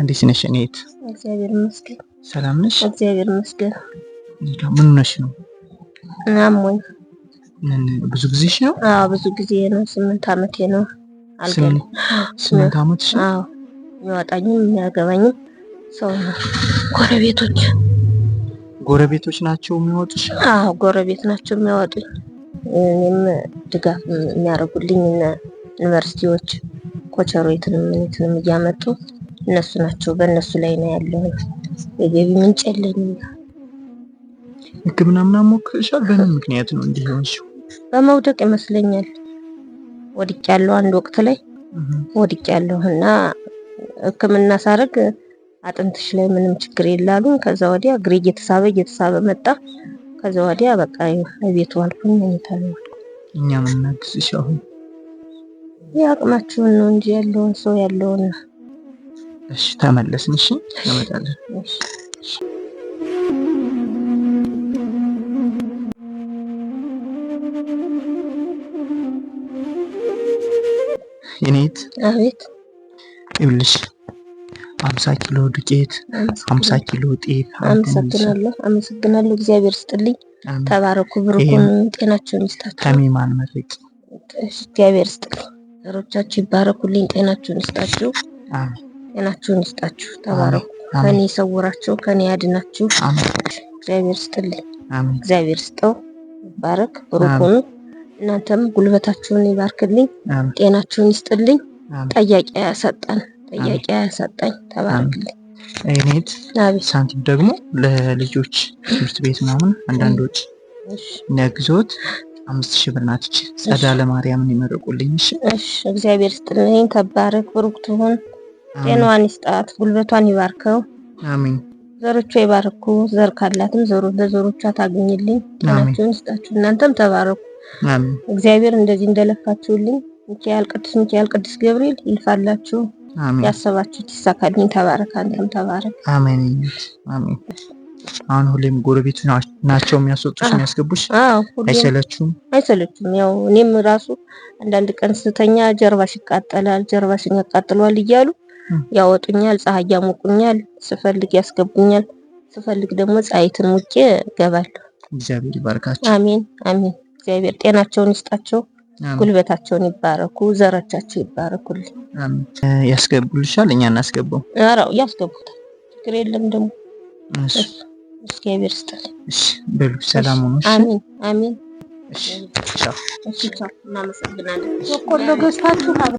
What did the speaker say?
እንዴት ነሽ? እኔት እግዚአብሔር ይመስገን። ሰላም ነሽ? እግዚአብሔር ይመስገን። ምን ነሽ ነው? አሞኝ። ምን ብዙ ጊዜሽ ነው? አዎ ብዙ ጊዜ ነው። ስምንት አመቴ ነው። አልገኝ ስምንት አመት? አዎ የሚያወጣኝም የሚያገባኝም ሰው ነው። ጎረቤቶች ጎረቤቶች ናቸው የሚወጡሽ? አዎ ጎረቤት ናቸው የሚያወጡኝ። እኔም ድጋፍ የሚያደርጉልኝ ዩኒቨርሲቲዎች የትንም ምንትንም እያመጡ እነሱ ናቸው። በእነሱ ላይ ነው ያለው የገቢ ምንጭ የለኝም። ሕክምና ምናምን ሞክርሻል? በምን ምክንያት ነው እንዲህ የሆንሽው? በመውደቅ ይመስለኛል። ወድቅ ያለው አንድ ወቅት ላይ ወድቅ ያለው እና ሕክምና ሳደርግ አጥንትሽ ላይ ምንም ችግር የላሉም። ከዛ ወዲያ እግሬ እየተሳበ እየተሳበ መጣ። ከዚያ ወዲያ በቃ ቤቱ አልኩኝ መኝታ ነው። እኛ ምናግዝሽ አሁን የአቅማችሁን ነው እንጂ ያለውን ሰው ያለውን። እሺ ተመለስን። እሺ እንመጣለን። የኔት አቤት ይብልሽ አምሳ ኪሎ ዱቄት፣ አምሳ ኪሎ ጤፍ። አመሰግናለሁ አመሰግናለሁ። እግዚአብሔር ስጥልኝ። ተባረኩ፣ ብርኩን፣ ጤናቸውን ይስጣቸው። ተሚማን መረቂ እግዚአብሔር ስጥልኝ። ዘሮቻችሁ ይባረኩልኝ፣ ጤናቸውን ይስጣችሁ፣ ጤናቸውን ይስጣችሁ። ተባረኩ። ከኔ ይሰውራቸው፣ ከኔ ያድናችሁ። እግዚአብሔር ስጥልኝ። እግዚአብሔር ስጠው። ይባረክ፣ ብርኩኑ። እናንተም ጉልበታችሁን ይባርክልኝ፣ ጤናቸውን ይስጥልኝ። ጠያቂ ያሰጠን ጥያቄ ሰጠኝ። ተባርክልኝ። እኔት ሳንቲም ደግሞ ለልጆች ትምህርት ቤት ምናምን አንዳንድ አንዳንዶች ነግዞት አምስት ሺህ ብር ናት። ይች ጸዳ ለማርያምን ይመርቁልኝ። እሺ እግዚአብሔር ስጥልኝ። ተባረክ፣ ብሩክ ትሁን፣ ጤናዋን ይስጣት፣ ጉልበቷን ይባርከው። አሜን። ዘሮቿ ይባርኩ። ዘር ካላትም ዘሮ ለዘሮቿ ታገኝልኝ። ጤናችሁን ይስጣችሁ። እናንተም ተባረኩ። አሜን። እግዚአብሔር እንደዚህ እንደለፋችሁልኝ ሚካኤል፣ ቅዱስ ሚካኤል፣ ቅዱስ ገብርኤል ይልፋላችሁ። ያሰባችሁት ይሳካልኝ። ተባረክ፣ አንተም ተባረክ። አሜን አሜን። አሁን ሁሌም ጎረቤቱ ናቸው የሚያስወጡሽ የሚያስገቡሽ፣ አይሰለችም አይሰለችም። ያው እኔም ራሱ አንዳንድ ቀን ስተኛ ጀርባሽ ይቃጠላል፣ ጀርባሽን ያቃጥሏል እያሉ ያወጡኛል፣ ፀሐይ ያሞቁኛል፣ ስፈልግ ያስገቡኛል፣ ስፈልግ ደግሞ ፀሐይትን ሙቄ ገባል እግዚአብሔር ይባርካቸው። አሜን አሜን። እግዚአብሔር ጤናቸውን ይስጣቸው። ጉልበታቸውን ይባረኩ፣ ዘሮቻቸው ይባረኩልን። ያስገቡልሻል? እኛ እናስገባው? ኧረ ያስገቡታል። ችግር የለም ደግሞ እግዚአብሔር ይስጥልኝ። በሉ ሰላም እናመሰግናለን። በቆሎ ገዝታችሁ